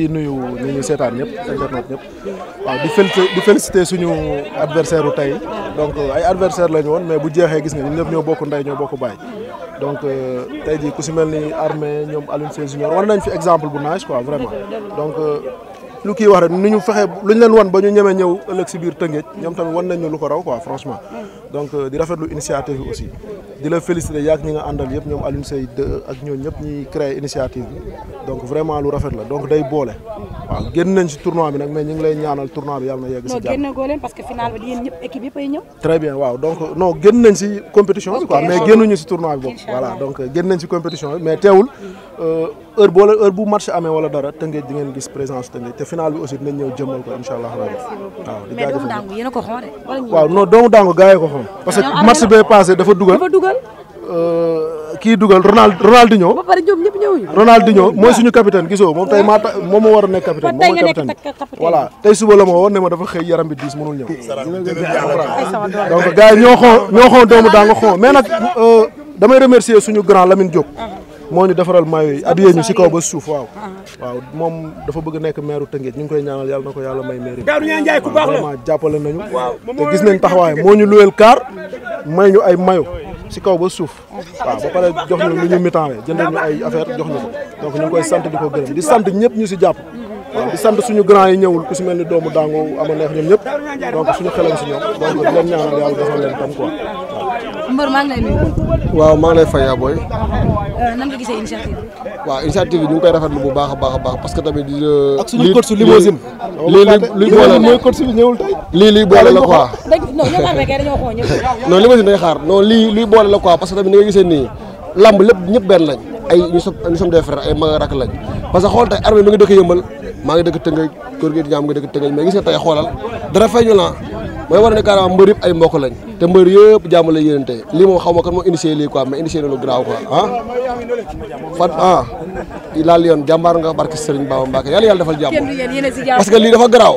di nuyu ni ñu seetaan ñëpp internet ñëpp waaw di félicité di félicité suñu adversaire u tey donc euh, ay adversaire lañu woon mais bu jeexee gis nga ñun ñëpp ñoo bokk ndey ñoo bokk baay donc euh, tey jii ku si mel ni armée ñoom Alioune Sèye Junior war nañ fi exemple bu naaj quoi vraiment donc euh, lu kii wax rek ni ñu fexe lu ñu leen wan ba ñu ñemee ñëw ëllëg si biir Tëngéej ñoom tamit wan nañ ñu lu ko raw quoi franchement donc euh, di rafetlu initiative bi aussi di la féliciter yaag ñi nga àndal yëpp ñoom Alioune Seye ak ñoo ñëpp ñuy créer initiative bi donc vraiment lu rafet la donc day boole waaw génn nañ ci tournoi bi nag mais ñu ngi lay ñaanal tournoi bi yàlla na yegg si jàmm. non génn leen parce que final bi yéen ñëpp équipe yëpp ay ñëw. très bien waaw di ngeen gis présence Tëngéej te final bi aussi dinañ ñëw jëmmal ko incha allah waaw di jaajëfal yi ko xool parce que match bee passé dafa dugal dafa dugal. Euh, kii dugal Ronald Ronaldinho. ba pare mooy suñu capitaine gisoo moom tey moom moo war a nekk capitaine. moom mooy capitaine voilà tey suba la ma woo ne ma dafa xëy yaram bi diis mënul ñëw. donc gars ñoo xoo ñoo xoo doomu daa nga xoo mais nag euh, damay remercier suñu grand Lamine Diop. Ah. moo ñu defaral mayo yi addiyee ñu si kaw ba suuf ah. waaw moom dafa bëgg nekk maire Tëngéej ñu ngi koy ñaanal yàlla na ko yàlla may maire vraiment jàppale nañu te gis nañ taxawaay moo ñu luweel kaar may ñu ay mayo si kaw ba suuf waaw ba pare jox ñu lu ñu mitanwe jëndal ñu ay affaire jox ñu ko donc ñu ngi koy sant di ko gërëm di sant ñëpp ñu si jàpp di sant suñu grand yi ñëwul ku si mel ni doomu dango a neex ñoom ñëpp donc suñu xelam si ñoom donc Mbër maa ngi lay nuyu. waaw maa ngi lay fay yaa booy. Euh, nan nga gisee initiative bi. waaw initiative bi ñu ngi koy rafetlu bu baax a baax a baax parce que tamit. Euh, ak suñu course limousine. lii lii boole mooy course bi ñëwul tey. lii lii boole la quoi. non ñoom day xaar non lii lii boole la quoi parce que tamit ni nga gisee nii lamb lépp ñëpp benn lañ. ay ñu so ñu sommes ay mag lañ parce que xool tey armé mi nga dëkk yëmbal maa ngi dëkk tëngay góor gi ñaam nga dëkk tëngay mais gis nga tey xoolal dara feeñu la mooy war ne carrément mbër yëpp ay mbokk lañ te mbër yëpp jàmm la yénante lii moom xaw ma kan moo initié lii quoi mais initié na lu graaw quoi ah fat ah. laal yoon jàmbaar nga barke Sëriñ Baba Mbacke yàlla yàlla defal jàmm parce que lii dafa garaaw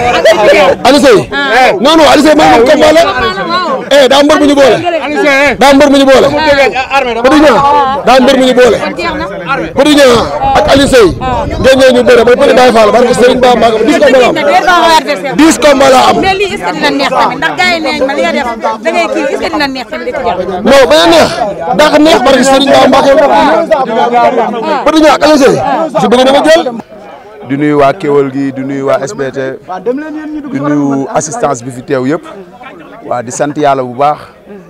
Alioune Seye non non Alioune Seye man moom combat la eh, daa mbër bu ñu boole daa mbër bu ñu boole Petit daa mbër bu ñu boole Petit Niang ak Alioune Seye ngeen ñëw ñu bëre ba Petit Baye Fall barke Serigne Ba Mbaga dix combat la am dix combat la am mais lii est-ce que dina neex tamit ndax gars yi da ngay kii est-ce que dina neex tamit non ba neex daa neex barke ak Alioune ah. si bëgg dama jël di nuyu waa Kéwel gi di nuyu waa SBT di nuyu assistance bi fi teew yëpp waaw di sant yàlla bu baax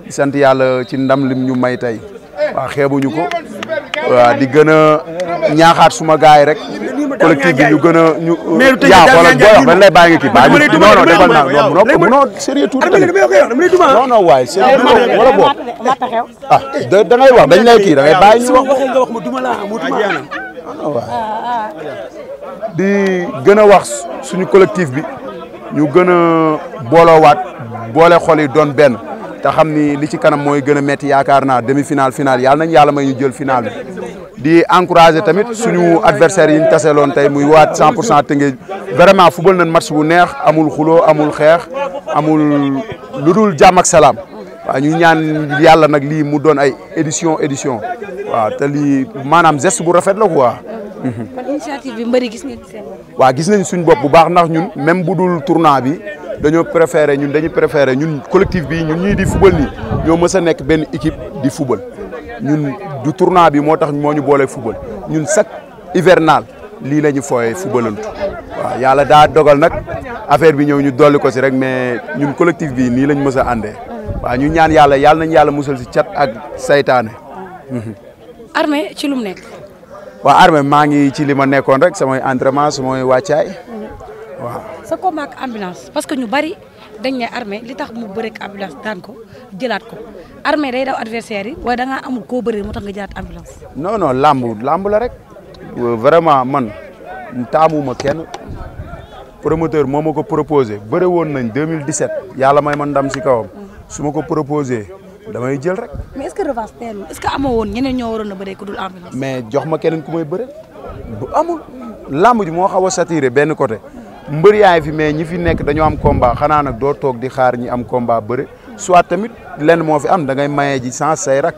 di sant yàlla ci ndam lim ñu may tey waaw xeebuñu ko waa di gën a ñaaxaat suma gars yi rek collectif gi ñu gën a ñu. yaa wala boo wax dañ lay bàyyi nga kii bàyyi nga non non defal naa non di gën a wax suñu collectif bi ñu gën a waat boole xol yi doon benn te xam ni li ci kanam mooy gën a metti yaakaar naa demi final final yàlla nañ yàlla may ñu jël final bi di encourager tamit suñu adversaires yi ñu loon tey muy waat 100 pour cent Tëngéej vraiment football nañ match bu neex amul xuloo amul xeex amul lu dul jàmm salaam waaw ñu ñaan yàlla nag lii mu doon ay édition édition waaw te lii maanaam geste bu rafet la quoi. kon initiative bi mbëri gis waaw gis nañ suñ bopp bu baax ndax ñun même bu dul tournoi bi dañoo préféré ñun dañu préféré ñun collectif bi ñun ñii di fubal nii ñoo mës a nekk benn équipe di fubal ñun du tournoi bi moo tax moo ñu boolee fubal ñun chaque ivernal lii la ñu fooyee fubalantu waaw yàlla daa dogal nag affaire bi ñëw ñu dolli ko si rek mais ñun collective bi nii lañ mës a àndee waaw ñu ñaan yàlla yàlla nañ yàlla musal si cat ak seytaane armée ci lu nekk. waa armée maa ngi ci li ma nekkoon rek samay entraînement samay wàccaay waaw. sa ko ak ambulance parce que ñu bari dañ ne armée li tax mu bëreeg ambulance daan ko jëlaat ko armée day daw adversaire yi waaye da ngaa amul koo bëree moo tax nga jëlaat ambulance. non non làmb làmb la rek euh, vraiment man taamuma kenn promoteur moo ma ko proposé bëre woon nañ 2017 yàlla may ma ndam si kawam su ma ko proposé. damay jël rek. mais est que revanche teelul est que amoo woon ñeneen ñoo waroon a bëree ku dul ambulance. mais jox ma keneen ku may bëre amul làmb ji moo xaw a saturé benn côté mbër yaay fi mais ñi fi nekk dañoo am combat xanaa nag doo toog di xaar ñi am komba bëre soit tamit lenn moo fi am da ngay maye ji sans say rak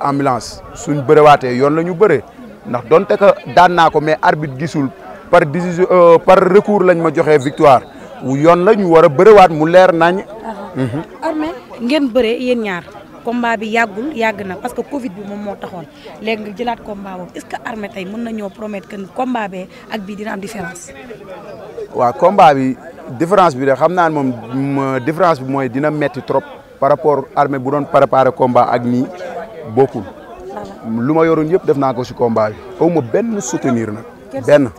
ambulance suñ bërewaatee yoon la ñu bëree ndax donte que daan naa ko mais arbitre gisul par décision euh, par recours lañ ma joxee victoire yoon la ñu war a bërewaat mu leer nañ ah. Mmh. armée ngeen bëree yéen ñaar combat bi yàggul yàgg na parce que Covid bi moom moo taxoon léegi nga jëlaat combat boobu est-ce que armée tey mën na ñoo promettre que combat bee ak bii dina am différence. waaw combat bi différence bi de xam naa moom euh, différence bi mooy dina metti trop par rapport armée bu doon préparer combat ak nii bokkul. lu ma yoroon yëpp def naa ko si combat bi. aw ma benn soutenir nag. benn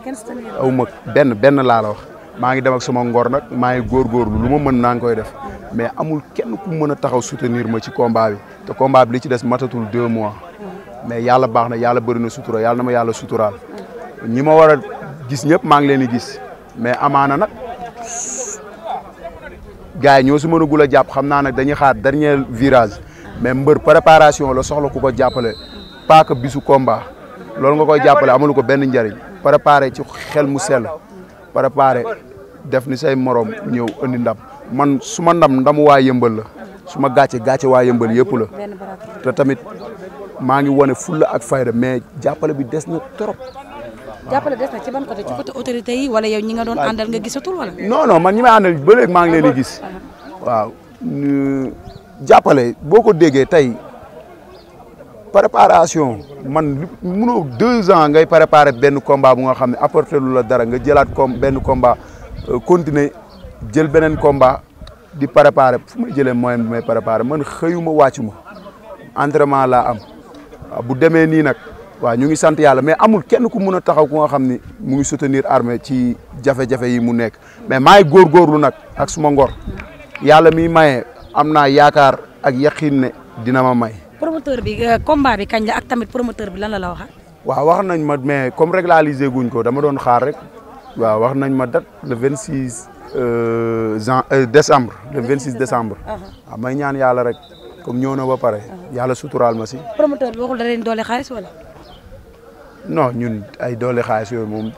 aw ma benn benn laa la wax. maa ngi dem ak sama ngor nag maa ngi góorgóorlu lu ma mën naa ngi koy def mais amul kenn ku mën a taxaw soutenir ma ci combat bi te combat bi li ci des matatul deux mois mais yàlla baax na yàlla bëri na sutura yàlla na ma yàlla suturaal ñi ma war a gis ñëpp maa ngi leen di gis mais amaana nag gars yi ñoo si mën a gul jàpp xam naa nag dañuy xaar dernier virage mais mbër préparation la soxla ku ko jàppale paaka bisu combat loolu nga ko jàppale amul ko benn njariñ préparé ci xel mu sell préparé def ni say morom ñëw indi ndam man su ma ndam ndamu waa yëmbal la su ma gàcce gàcce waa yëmbal yëpp la tamit maa ngi wane fulla ak fayda mais jàppale bi des na trop. jàppale des na ci ban côté ci autorité yi wala yow ñi nga doon andal nga gisatul wala. non non man ñi may àndal ba léegi maa ngi leen di gis ah. waaw jàppale boo ko déggee tey. préparation man mënoo deux ans ngay préparer benn combat bu nga xam ne apporter lu la dara nga jëlaat comme benn combat euh, continuer jël beneen combat di préparer fu ma jëlee moyen bi may préparer man xëyuma wàccuma entraînement laa am ah, bu demee nii nag waaw ñu ngi sant yàlla mais amul kenn ku mun a taxaw ku nga xam ni mu ngi soutenir armée ci jafe-jafe yi mu nekk mais maay góorgóorlu nag ak suma ngor yàlla mi maye am naa yaakaar ak yaqiin ne dina ma may promoteur bi euh, combat bi kañ la ak tamit promoteur bi lan la la wax. waaw wax nañ ma mais comme régulariser guñ ko dama doon xaar rek waaw wax nañ ma date le 26 euh, jan euh, décembre le 26 décembre. waaw uh-huh. ah, may ñaan yàlla rek comme ñëw na ba pare. Uh-huh. yàlla suturaal ma si. promoteur bi waxul da leen doole xaalis wala. non ñun ay doole xaalis yooyu moom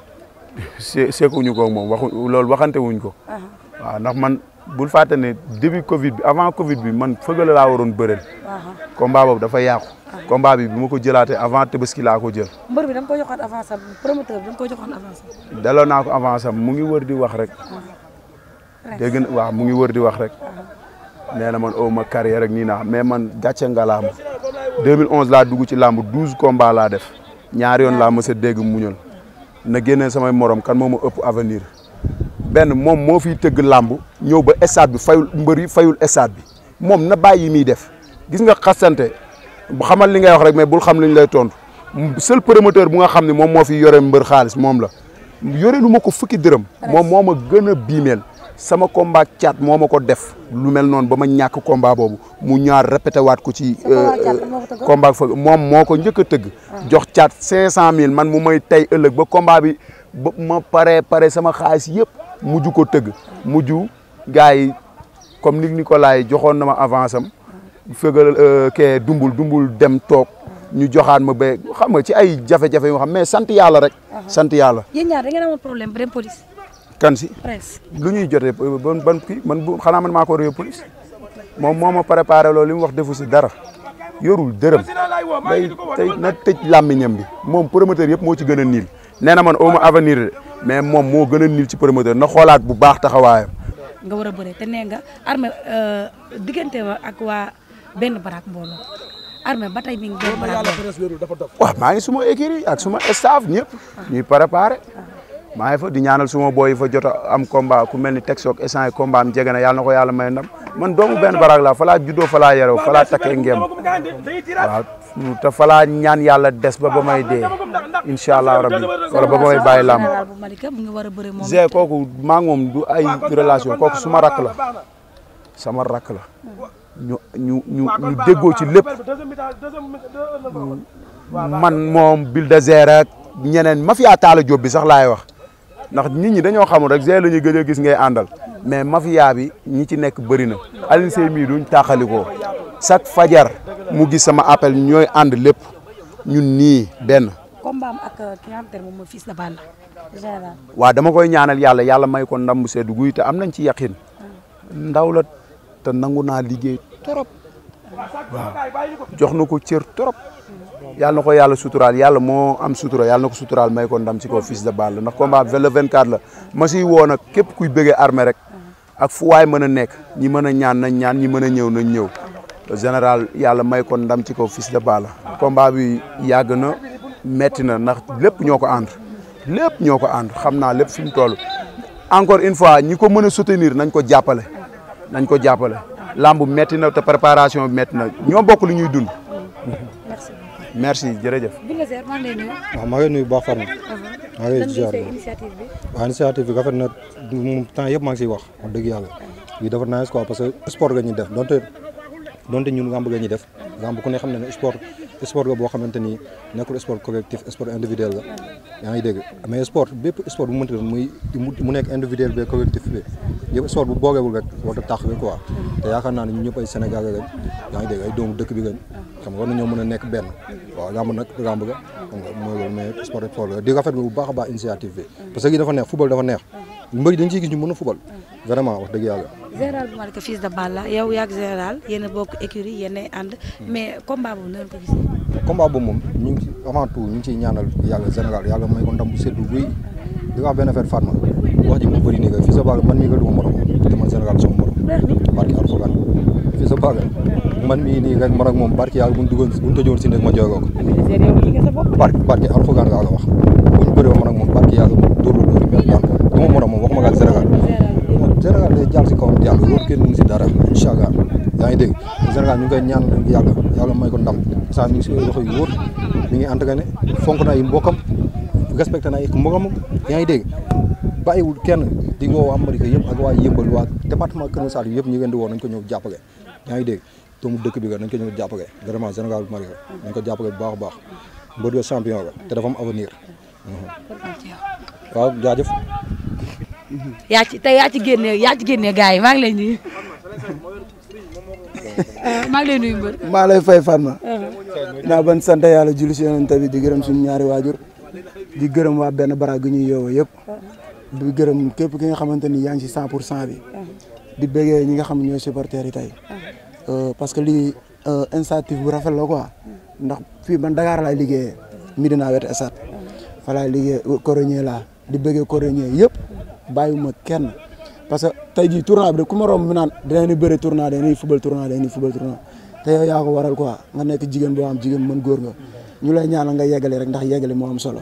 see seekuñu ko moom waxu loolu waxante wuñ ko. Uh-huh. waaw ndax man. bul fàtte ne début Covid bi avant Covid bi man fëgale laa waroon bëreel. combat boobu dafa yàqu. combat bi bu ma ko jëlaatee avant tabaski laa ko jël. mbër bi da ko joxoon avance am promoteur naa ko avance mu ngi wër di wax rek. dégg na waaw mu ngi wër di wax rek. nee na man aw oh, ma carrière rek nii naa mais man gàcce ngalaama 2011 laa dugg ci làmb 12 combats laa def ñaari yoon laa mës a dégg muñal na génnee samay morom kan moo ma ëpp avenir benn moom moo fiy tëgg làmb. ñëw ba stade bi fayul mbër yi fayul stade bi moom na bàyyi yi muy def gis nga xasante bu xamal li ngay wax rek mais bul xam li lay tontu seul promoteur bu nga xam ne moom moo fi yore mbër xaalis moom la yore lu ma ko fukki dërëm moom moo ma gën a biimel sama combat caat moo ma ko def lu mel noonu ba ma ñàkk combat boobu mu ñaar répété waat ko ci combat fa euh, moom moo ko njëkk a tëgg ah. jox caat cinq cent mille man mu may tey ëllëg ba combat bi ba ma pare pare sama xaalis mujj ko tëgg mujj gars yi comme ni Nicolas yi joxoon na ma avance am fëgal euh, kee dumbul dumbul dem toog ñu joxaat ma ba xam nga ci ay jafe-jafe yoo xam mais sant yàlla rek. Uh-huh. sant yàlla. yéen ñaar kan si Prince lu ñuy jotee ban ban man bu xanaa man maa ko réew police moom moo ma préparé loolu li mu wax defu si dara yorul dërëm day tey na tëj làmmiñam bi moom promoteur yëpp moo ci gën a niil nee na man au ma avenir mais moom moo gën a niil ci promoteur na xoolaat bu baax taxawaayam. nga war a bëre te nee nga armée euh, diggante ma ak waa benn baraak mbooloo armée ba tey mi ngi benn baraak waaw maa ngi suma écurie ak suma staff ñëpp ñuy préparé maa ngi fa di ñaanal suma booy fa jot am combat ku mel ni teg soog instant yi combat am jege na yàlla na ko yàlla may ndam man doomu benn baraak laa fa laa juddoo fa laa yaroo fa takkee ngeem te falaa ñaan yàlla des ba ba may dee incha allah rabbi wala ba ba may bàyyi làmb Zé kooku maa ngi moom du ay relation kooku suma rakk la sama rakk la ñu ñu ñu ñu déggoo ci lépp man moom Bulldozer ak ñeneen mafia Talla Diop bi sax laay wax ndax nit ñi dañoo xamul rek Zé la ñuy gëj a gis ngay àndal mais mafia bi ñi ci nekk bëri na Alioune Seye mii duñ tàqalikoo fajar mu gis sama appel ñooy ànd lépp ñun nii benn. combat dama koy ñaanal yàlla yàlla may ko ndam mu sedd guy te am nañ ci yaqin. ndaw la te nangu naa liggéey trop. waaw jox na ko cër trop. yàlla na ko yàlla sutural yàlla moo am sutura yàlla na ko suturaal may ko ndam si ko fils de Balla ndax combat le 24 la ma siy woo nag képp kuy bëggee armée rek. ak fu waay mën a nekk ñi mën a ñaan nañ ñaan ñi mën a ñëw nañ ñëw. général yàlla may ko ndam ci kaw Fils de bala combat bi yàgg na metti na ndax lépp ñoo ko ànd lépp ñoo ko ànd xam naa lépp fi mu toll encore une fois ñi ko mën a soutenir nañ ko jàppale nañ ko jàppale làmb metti na te préparation bi metti na ñoo bokk lu ñuy dund merci jërëjëf. Bulldozer maa ngi lay nuyu. waaw maa ngi uh-huh. lay nuyu baax Fatma. maa initiative bi. waaw initiative bi rafet na temps yëpp maa ngi siy wax wax dëgg yàlla. lii dafa nice quoi parce que sport nga ñuy def donte ñun làmb la ñuy def làmb ku ne xam na ne sport sport la boo xamante ni nekkul sport collectif sport individuel la yaa ngi dégg mais sport bépp sport bu mënti doon muy mu nekk individuel bi collectif bi yëpp sport bu boogewul rek war a tax bi quoi te yaakaar naa ne ñu ñëpp ay Sénégalais lañ yaa ngi dégg ay doomu dëkk bi lañ xam nga war nañoo mën a nekk benn waaw làmb nag làmb la xam nga mooy loolu mais sport sport la di rafetlu bu baax baax initiative que dafa neex football dafa mbëri dañ ciy gis ñu mën a fubal vraiment wax dëgg yàlla. général bu Malika fils de Balla yow yaa ngi général yéen a bokk écurie yéen a ànd. Hmm. mais combat boobu moom mu bëri ne que de Balla man mii nga duma morom te man général sama morom. barki alxuraan fils de man mii nii rek man ak moom barki yàlla bu duggoon bu tëjoon si nekk ma jooy ko barki barki alxuraan laa la wax bu ñu man ak moom barki yàlla dóor la dóor du ma moroom moom waxuma nga ak Sénégal Sénégal day jàll si kawam yàlla loolu kenn mënu si dara incha yaa ngi dégg Sénégal ñu ngi koy ñaan yàlla yàlla may ko ndam saa mi ngi si loxo yu wóor mi ngi entraîné fonk na ay mbokkam respecté na ay mbokkam yaa ngi dégg bàyyiwul kenn di woo waa yëpp ak waa Yëmbal waa département Kër Massar yëpp ñu ngi leen woo nañ ko ñëw jàppale yaa ngi dégg doomu dëkk bi nga nañ ko ñëw jàppale vraiment Sénégal bu Malika nañ ko jàppale bu baax a baax mbër champion te dafa am avenir mhm. waaw yaa ci tey yaa ci génnee yaa yi maa ngi lay nuyu. Euh, maa ngi maa lay fay Fatma. Euh. naa ban sant yàlla julli si yonent bi di gërëm suñu ñaari waajur. di gërëm waa benn baraag gi ñuy yeewoo yëpp. di gërëm képp ki nga xamante ni yaa ngi si cent pour cent bi. di bëggee ñi nga xam ñooy supporters yi tey. Euh, parce que lii initiative bu rafet la quoi. ndax fii man Dakar laay liggéeyee. Esat. fa laay liggéey laa. di bëggee coréñe yëpp bàyyiwuma kenn parce que tey jii tournoi bi ku ma romb mi naan dinañu bëri tournoi dañuy fubal tournoi dañuy fubal tournoi te waral quoi nga nekk jigéen boo xam jigéen mën góor nga ñu lay ñaanal nga yeggali rek ndax yeggali moo am solo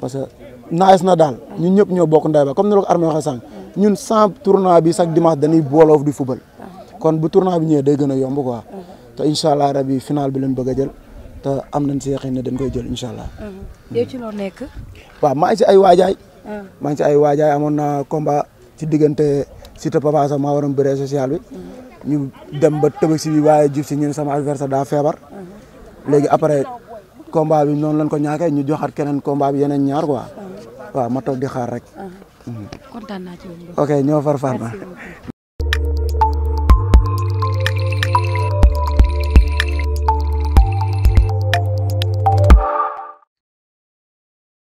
parce que naes na daal ñun ñëpp ñoo bokk nday ba comme ni la ko armée waxee sànq ñun sans tournoi bi chaque dimanche dañuy booloof di fubal ah. kon bu tournoi bi ñëwee day gën a yomb quoi ah. te incha allah rabi final bi leen bëgg jël te am nañ si yaqin ne dañ koy jël incha allah. Uh-huh. yow ci loo waaw maa ngi si ay waajaay. Uh-huh. maa ngi si ay waajaay amoon na combat ci diggante Siteu Papa Sow maa waroon bëree social bi. Uh-huh. ñu dem ba tëbëg si bi waaye jub si ñun sama adversaire daa feebar. léegi après combat bi noonu lañ ko ñaakee ñu joxaat keneen combat bi yeneen ñaar ko waaw ma toog di xaar rek. Mm-hmm. kontaan ok ñoo far far